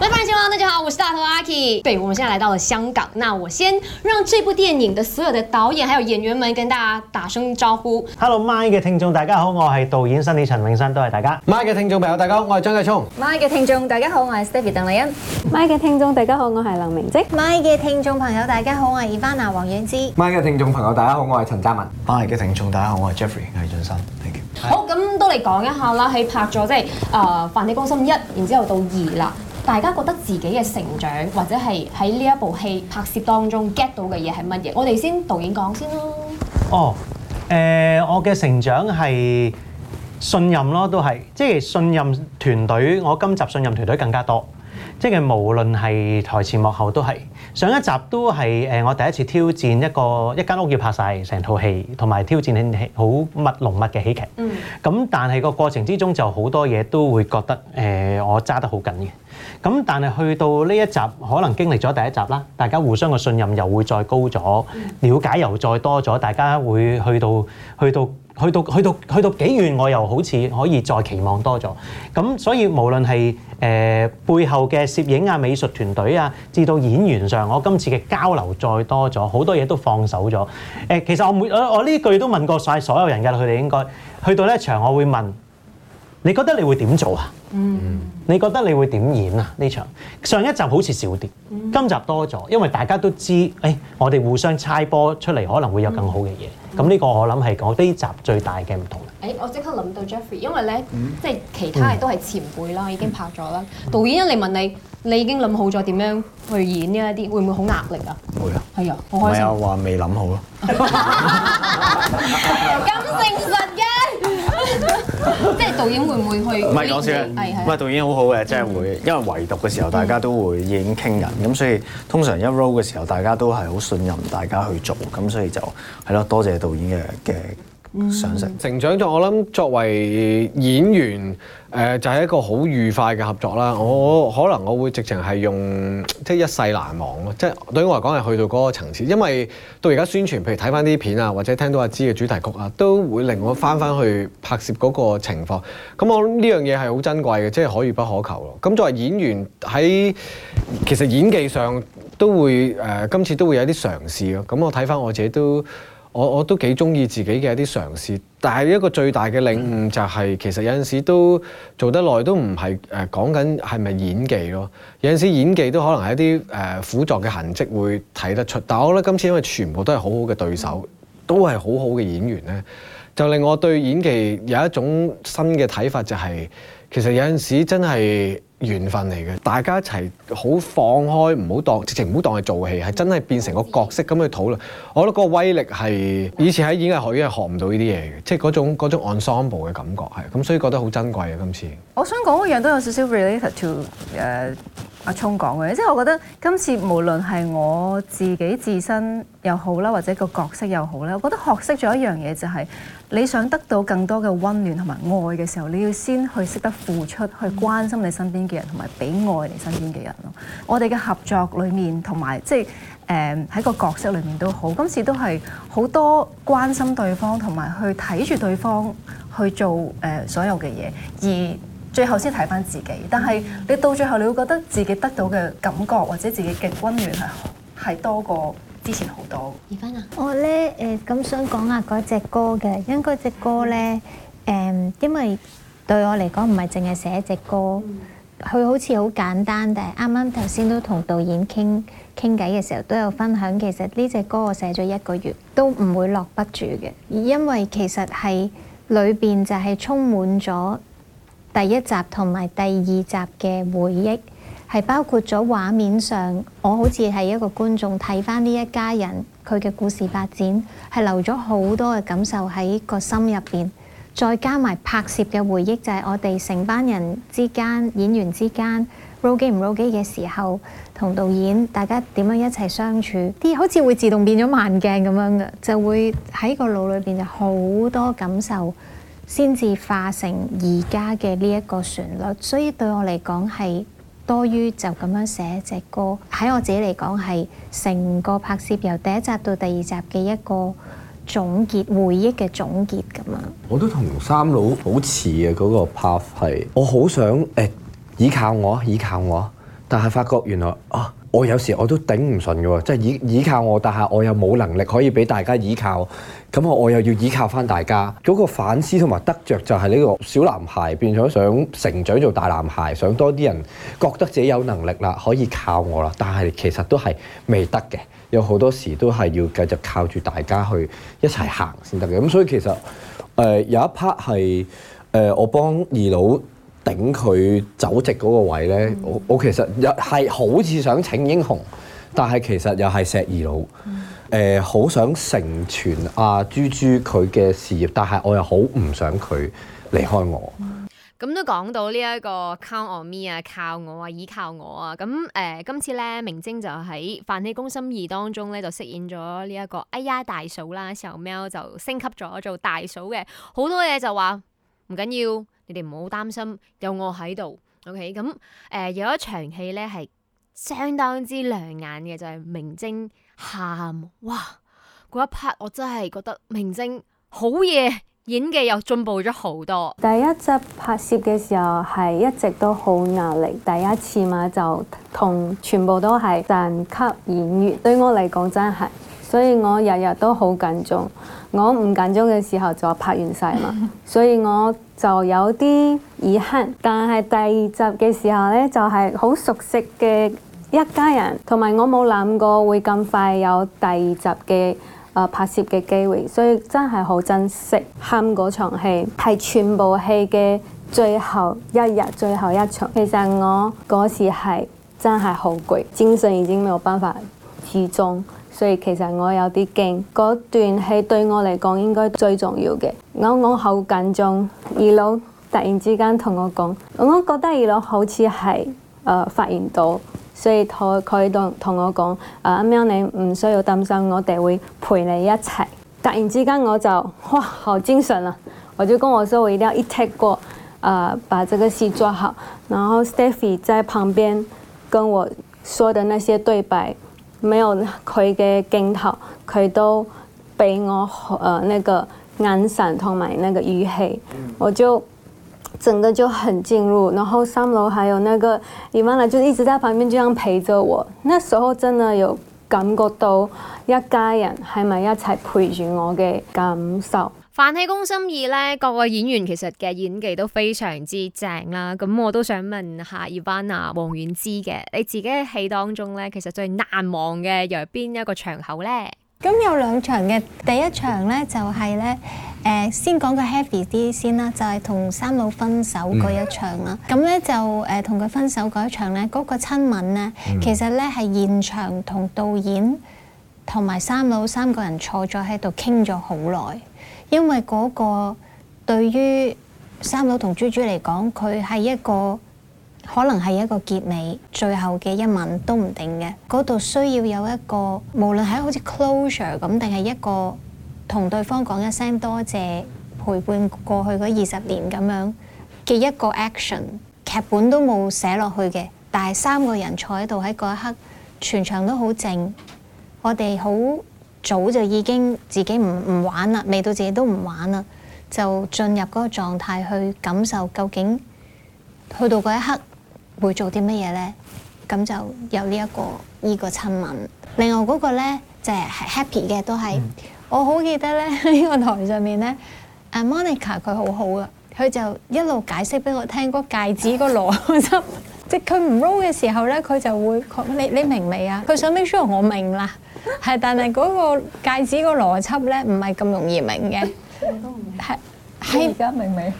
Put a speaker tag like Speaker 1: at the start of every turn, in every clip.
Speaker 1: 各位范人大家好，我是大頭阿 Key。對，我們現在來到了香港，那我先讓這部電影的所有的導演還有演員們跟大家打聲招
Speaker 2: 呼。Hello MY 嘅聽眾，大家好，我係導演身體陳永生，多謝大家。MY 嘅聽，聽，聽，聽眾朋友，大家好，我係張繼聰。
Speaker 3: MY 嘅聽眾大家好，我係 Stevie 鄧麗欣。MY 嘅聽眾大家好，我係林明禎。MY 嘅聽眾朋友大家好，我係葉嘅聽眾大家娜黃欣
Speaker 4: m i k 之。MY 嘅聽眾朋友大家好，我係 Ivana 王菀之 MY 嘅聽眾朋友大家好，我係陳嘉文。MY 嘅聽眾大家好，我係
Speaker 1: Jeffrey 魏俊生。好，咁都嚟講一下啦，喺拍咗即係誒、呃《飯氣攻心一》，然之後到二啦。大家覺得自己嘅成長或者係喺呢一部戲拍攝當中 get 到嘅嘢係乜嘢？我哋先導演講先咯。
Speaker 2: 哦，誒、呃，我嘅成長係信任咯，都係，即係信任團隊。我今集信任團隊更加多，嗯、即係無論係台前幕後都係。上一集都係誒、呃，我第一次挑戰一個一間屋要拍晒成套戲，同埋挑戰啲好密濃密嘅喜劇。咁、嗯嗯、但係個過程之中就好多嘢都會覺得誒、呃，我揸得好緊嘅。咁、嗯、但係去到呢一集，可能經歷咗第一集啦，大家互相嘅信任又會再高咗，嗯、了解又再多咗，大家會去到去到。去到去到去到幾遠，我又好似可以再期望多咗。咁所以無論係誒、呃、背後嘅攝影啊、美術團隊啊，至到演員上，我今次嘅交流再多咗，好多嘢都放手咗。誒、呃，其實我每我我呢句都問過晒所有人㗎啦，佢哋應該去到呢場，我會問。你覺得你會點做啊？嗯，你覺得你會點演啊？呢場上一集好似少啲，今集多咗，因為大家都知，誒，我哋互相猜波出嚟，可能會有更好嘅嘢。咁呢個我諗係嗰呢集最大嘅唔同。誒，
Speaker 1: 我即刻諗到 Jeffrey，因為咧，即係其他都係前輩啦，已經拍咗啦。導演一嚟問你，你已經諗好咗點樣去演呢一啲，會唔會好壓力啊？會啊，
Speaker 4: 係啊，好開心。話未諗好
Speaker 1: 咯。金 即係導演會唔會去？唔係講笑，唔
Speaker 2: 係對導演好好嘅，真係會。因為唯獨嘅時, 時候，大家都會已經傾人，咁所以通常一 roll 嘅時候，大家都係好信任大家去做，咁所以就係咯，多謝導演嘅嘅。
Speaker 4: 成長咗，我諗作為演員，誒、呃、就係、是、一個好愉快嘅合作啦。我可能我會直情係用即係一世難忘咯，即係對於我嚟講係去到嗰個層次。因為到而家宣傳，譬如睇翻啲片啊，或者聽到阿芝嘅主題曲啊，都會令我翻翻去拍攝嗰個情況。咁我諗呢樣嘢係好珍貴嘅，即係可遇不可求咯。咁作為演員喺其實演技上都會誒、呃，今次都會有啲嘗試咯。咁我睇翻我自己都。我我都幾中意自己嘅一啲嘗試，但係一個最大嘅領悟就係、是、其實有陣時都做得耐都唔係誒講緊係咪演技咯，有陣時演技都可能係一啲誒、呃、輔助嘅痕跡會睇得出。但我覺得今次因為全部都係好好嘅對手，嗯、都係好好嘅演員咧，就令我對演技有一種新嘅睇法，就是，就係其實有陣時真係。緣分嚟嘅，大家一齊好放開，唔好當，直情唔好當係做戲，係真係變成個角色咁去討論。我覺得嗰個威力係以前喺演藝學院係學唔到呢啲嘢嘅，即係嗰種 ensemble 嘅感覺係咁，所以覺得好珍貴啊！今次
Speaker 1: 我想講一樣都有少少 related to 誒、uh。阿聰講嘅，即係我覺得今次無論係我自己自身又好啦，或者個角色又好啦，我覺得學識咗一樣嘢就係、是，你想得到更多嘅温暖同埋愛嘅時候，你要先去識得付出，去關心你身邊嘅人，同埋俾愛你身邊嘅人咯。我哋嘅合作裏面，同埋即係誒喺個角色裏面都好，今次都係好多關心對方，同埋去睇住對方去做誒、呃、所有嘅嘢，而。最後先睇返自己，但係你到最後你會覺得自己得到嘅感覺或者自己嘅温暖係係多過之前好多。
Speaker 3: 葉芬啊，我呢，誒、呃、咁想講下嗰隻歌嘅，因嗰隻歌呢，誒、嗯，因為對我嚟講唔係淨係寫一隻歌，佢、mm. 好似好簡單，但係啱啱頭先都同導演傾傾偈嘅時候都有分享，其實呢隻歌我寫咗一個月都唔會落筆住嘅，因為其實係裏邊就係充滿咗。第一集同埋第二集嘅回憶係包括咗畫面上，我好似係一個觀眾睇翻呢一家人佢嘅故事發展，係留咗好多嘅感受喺個心入邊。再加埋拍攝嘅回憶，就係我哋成班人之間演員之間 roll 機唔 roll 機嘅時候，同導演大家點樣一齊相處，啲好似會自動變咗慢鏡咁樣嘅，就會喺個腦裏邊就好多感受。先至化成而家嘅呢一個旋律，所以對我嚟講係多於就咁樣寫隻歌。喺我自己嚟講係成個拍攝由第一集到第二集嘅一個總結、回憶嘅總結咁啊、那個！
Speaker 4: 我都同三佬好似嘅嗰個 path 係，我好想誒倚靠我、依靠我，但係發覺原來啊～我有時我都頂唔順嘅喎，即係依依靠我，但係我又冇能力可以俾大家依靠，咁我又要依靠翻大家。嗰個反思同埋得着，就係呢個小男孩變咗想成長做大男孩，想多啲人覺得自己有能力啦，可以靠我啦。但係其實都係未得嘅，有好多時都係要繼續靠住大家去一齊行先得嘅。咁所以其實誒、呃、有一 part 係誒我幫二佬。頂佢走值嗰個位咧，嗯、我我其實又係好似想請英雄，但係其實又係石二佬。誒、嗯，好、呃、想成全阿豬豬佢嘅事業，但係我又好唔想佢離開我。
Speaker 1: 咁、嗯嗯、都講到呢一個 count on me 啊，靠我啊，依靠我啊。咁誒、呃，今次咧明晶就喺《飯氣攻心2》當中咧，就飾演咗呢一個哎呀大嫂啦。之後喵就升級咗做大嫂嘅，好多嘢就話唔緊要。你哋唔好擔心，有我喺度。OK，咁誒、呃、有一場戲咧係相當之亮眼嘅，就係、是、明晶喊哇嗰一 part，我真係覺得明晶好嘢，演技又進步咗好多。
Speaker 5: 第一集拍攝嘅時候係一直都好壓力，第一次嘛就同全部都係神級演員，對我嚟講真係。所以我日日都好緊張。我唔緊張嘅時候就拍完晒嘛，所以我就有啲遺憾。但係第二集嘅時候呢，就係好熟悉嘅一家人，同埋我冇諗過會咁快有第二集嘅拍攝嘅機會，所以真係好珍惜喊嗰、um、場戲係全部戲嘅最後一日、最後一場。其實我嗰時係真係好攰，精神已經冇辦法集中。所以其實我有啲驚，嗰段戲對我嚟講應該最重要嘅，我我好緊張，二老突然之間同我講：“我覺得二老好似係誒發現到，所以佢佢同同我講：“啊、呃，咁樣你唔需要擔心，我哋會陪你一齊。突然之間我就哇好精神啊！我就講我話我一定要一 take 過、呃、把這個戲做好。然後 Stephy 在旁邊跟我說的那些對白。沒有佢嘅鏡頭，佢都俾我誒、呃、那個眼神同埋那個語氣，我就整個就很進入。然後三樓還有那個，伊萬娜就一直在旁邊這樣陪着我。那時候真的有感覺到一家人喺埋一齊陪住我嘅感受。《
Speaker 1: 飯氣攻心二咧，各個演員其實嘅演技都非常之正啦。咁我都想問下，Ivana、王菀之嘅，你自己喺戲當中咧，其實最難忘嘅又係邊一個場口咧？
Speaker 3: 咁有兩場嘅，第一場咧就係、是、咧、誒、呃、先講個 happy 啲先啦，就係、是、同三老分手嗰一場啦。咁咧、嗯、就誒同佢分手嗰一場咧，嗰、那個親吻咧，其實咧係現場同導演同埋三老三個人坐咗喺度傾咗好耐。因為嗰個對於三佬同豬豬嚟講，佢係一個可能係一個結尾、最後嘅一吻都唔定嘅。嗰度需要有一個，無論係好似 closure 咁，定係一個同對方講一聲多謝陪伴過去嗰二十年咁樣嘅一個 action。劇本都冇寫落去嘅，但係三個人坐喺度喺嗰一刻，全場都好靜，我哋好。早就已經自己唔唔玩啦，未到自己都唔玩啦，就進入嗰個狀態去感受究竟去到嗰一刻會做啲乜嘢咧？咁就有呢、這、一個依、這個親吻。另外嗰個咧就係、是、happy 嘅，都係、嗯、我好記得咧，喺呢、這個台上面咧，誒 Monica 佢好好啊，佢就一路解釋俾我聽嗰戒指嗰螺心。 即佢唔 roll 嘅時候咧，佢就會，你你明未啊？佢想 make sure 我明啦，係， 但係嗰個戒指個邏輯咧，唔係咁容易明嘅。 我都唔明。係，係而家明未？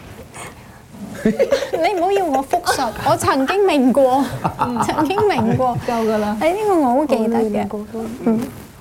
Speaker 3: 明 你唔好要，要我復述， 我曾經明過， 嗯 嗯、曾經明過。 夠㗎了啦！誒呢個我好記得嘅。嗯